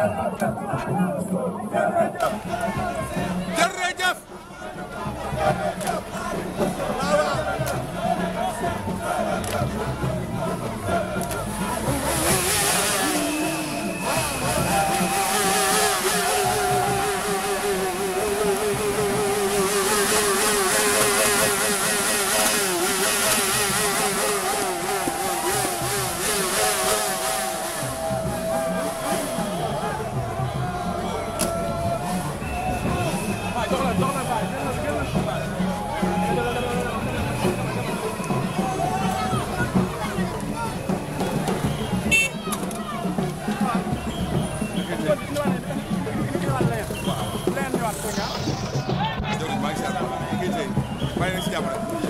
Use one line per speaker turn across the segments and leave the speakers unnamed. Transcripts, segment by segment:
Thank you.
waaw. leneen
ñëwaat ko ñaar.
jërëjëf maa ngi si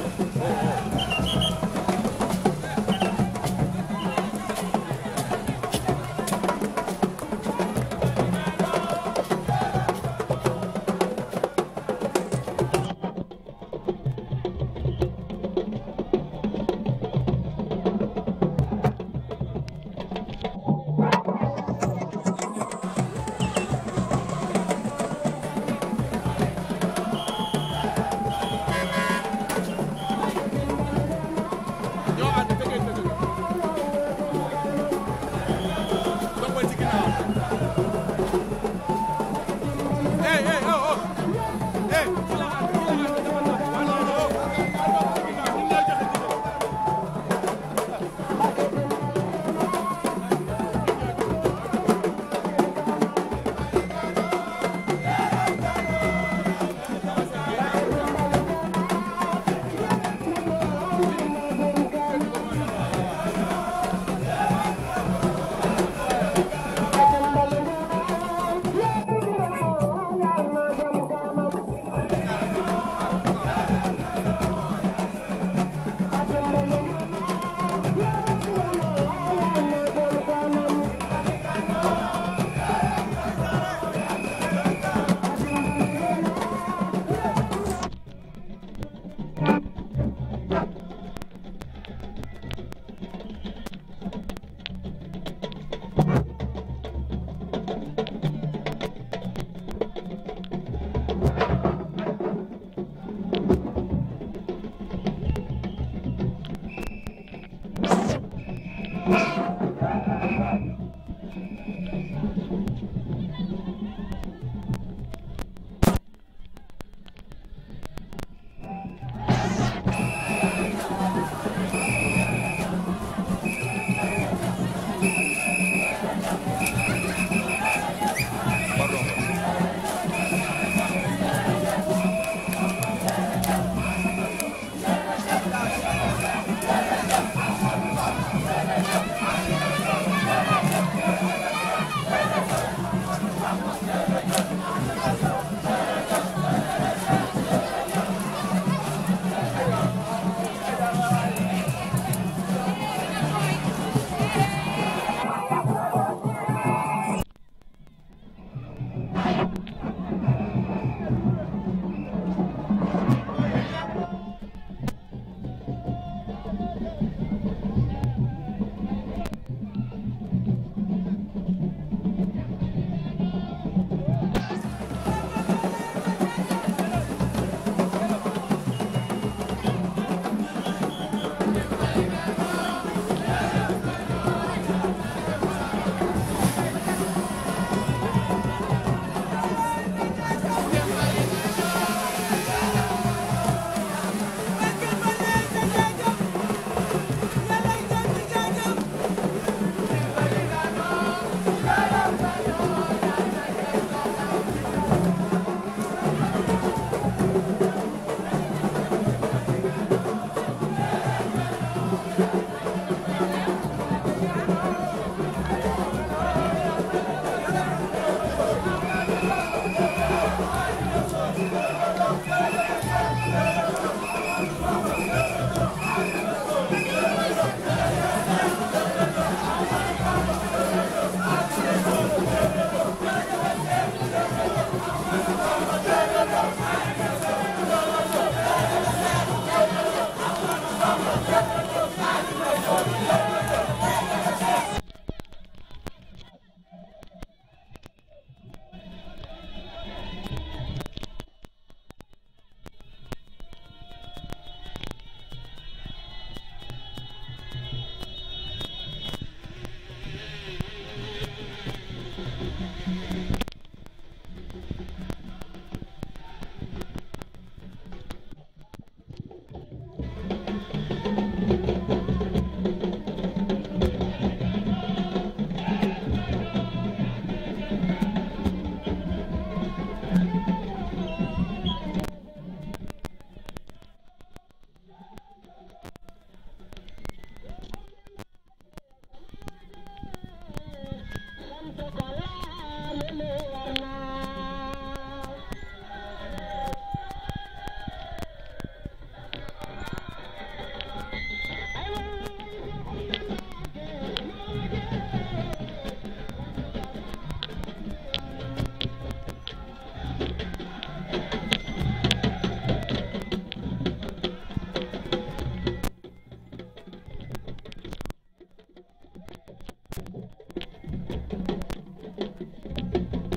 Thank you.